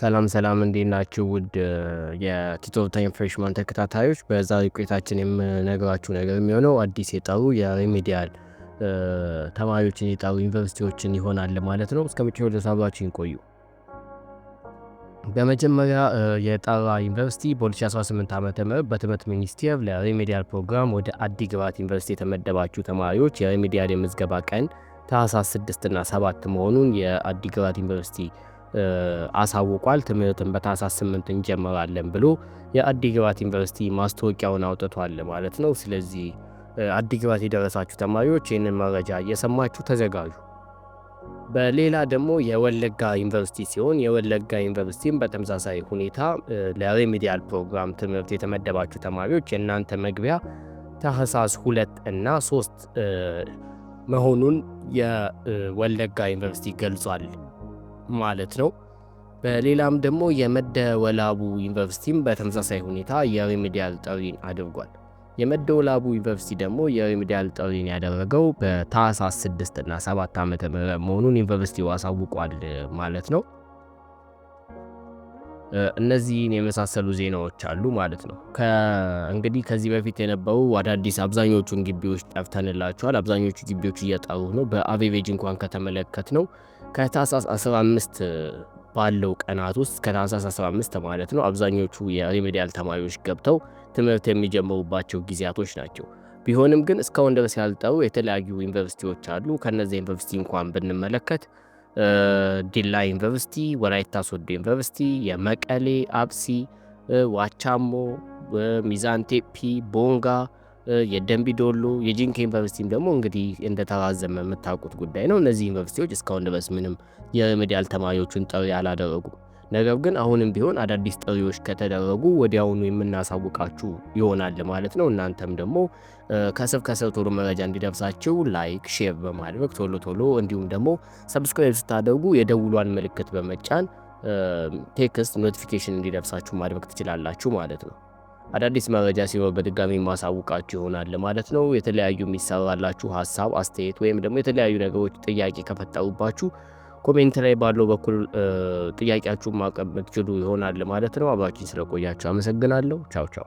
ሰላም ሰላም፣ እንዴት ናችሁ? ውድ የቲቶ ታይም ፍሬሽማን ተከታታዮች፣ በዛሬ ቆይታችን የምነግራችሁ ነገር የሚሆነው አዲስ የጠሩ የሪሚዲያል ተማሪዎችን የጠሩ ዩኒቨርሲቲዎችን ይሆናል ማለት ነው። እስከ መጨረሻው ድረስ አብራችሁን ቆዩ። በመጀመሪያ የጠራ ዩኒቨርሲቲ በ2018 ዓ ም በትምህርት ሚኒስቴር ለሪሚዲያል ፕሮግራም ወደ አዲግራት ዩኒቨርሲቲ የተመደባችሁ ተማሪዎች የሪሚዲያል የምዝገባ ቀን ታህሳስ 6 እና 7 መሆኑን የአዲግራት ዩኒቨርሲቲ አሳውቋል። ትምህርትን በታህሳስ 8 እንጀምራለን ብሎ የአዲግራት ዩኒቨርሲቲ ማስታወቂያውን አውጥቷል ማለት ነው። ስለዚህ አዲግራት የደረሳችሁ ተማሪዎች ይህንን መረጃ እየሰማችሁ ተዘጋጁ። በሌላ ደግሞ የወለጋ ዩኒቨርሲቲ ሲሆን የወለጋ ዩኒቨርሲቲም በተመሳሳይ ሁኔታ ለሬሜዲያል ፕሮግራም ትምህርት የተመደባችሁ ተማሪዎች የእናንተ መግቢያ ታህሳስ ሁለት እና ሶስት መሆኑን የወለጋ ዩኒቨርሲቲ ገልጿል። ማለት ነው። በሌላም ደግሞ የመደወላቡ ዩኒቨርሲቲም በተመሳሳይ ሁኔታ የሪሚዲያል ጥሪን አድርጓል። የመደወላቡ ዩኒቨርሲቲ ደግሞ የሪሚዲያል ጥሪን ያደረገው በታህሳስ 6 እና 7 ዓመተ ምህረት መሆኑን ዩኒቨርሲቲው አሳውቋል ማለት ነው። እነዚህን የመሳሰሉ ዜናዎች አሉ ማለት ነው። እንግዲህ ከዚህ በፊት የነበሩ አዳዲስ አብዛኞቹን ግቢዎች ጠፍተንላቸዋል። አብዛኞቹ ግቢዎች እየጠሩ ነው። በአቬቬጅ እንኳን ከተመለከት ነው ከታህሳስ 15 ባለው ቀናት ውስጥ ከታህሳስ 15 ማለት ነው አብዛኞቹ የሪሜዲያል ተማሪዎች ገብተው ትምህርት የሚጀምሩባቸው ጊዜያቶች ናቸው። ቢሆንም ግን እስካሁን ድረስ ያልጠሩ የተለያዩ ዩኒቨርሲቲዎች አሉ። ከነዚያ ዩኒቨርሲቲ እንኳን ብንመለከት ዲላ ዩኒቨርሲቲ፣ ወላይታ ሶዶ ዩኒቨርሲቲ፣ የመቀሌ አብሲ፣ ዋቻሞ፣ ሚዛን ቴፒ፣ ቦንጋ የደንቢ ዶሎ የጂንካ ዩኒቨርሲቲም ደግሞ እንግዲህ እንደተራዘመ የምታውቁት ጉዳይ ነው። እነዚህ ዩኒቨርሲቲዎች እስካሁን ድረስ ምንም የሪሜዲያል ተማሪዎቹን ጥሪ አላደረጉም። ነገር ግን አሁንም ቢሆን አዳዲስ ጥሪዎች ከተደረጉ ወዲያውኑ የምናሳውቃችሁ ይሆናል ማለት ነው። እናንተም ደግሞ ከስር ከስር ቶሎ መረጃ እንዲደርሳችሁ ላይክ፣ ሼር በማድረግ ቶሎ ቶሎ እንዲሁም ደግሞ ሰብስክራይብ ስታደርጉ የደውሏን ምልክት በመጫን ቴክስት ኖቲፊኬሽን እንዲደርሳችሁ ማድረግ ትችላላችሁ ማለት ነው። አዳዲስ መረጃ ሲኖር በድጋሚ ማሳውቃችሁ ይሆናል ማለት ነው። የተለያዩ የሚሰራላችሁ ሀሳብ፣ አስተያየት ወይም ደግሞ የተለያዩ ነገሮች ጥያቄ ከፈጠሩባችሁ ኮሜንት ላይ ባለው በኩል ጥያቄያችሁን ማቅረብ የምትችሉ ይሆናል ማለት ነው። አብራችን ስለቆያችሁ አመሰግናለሁ። ቻው ቻው።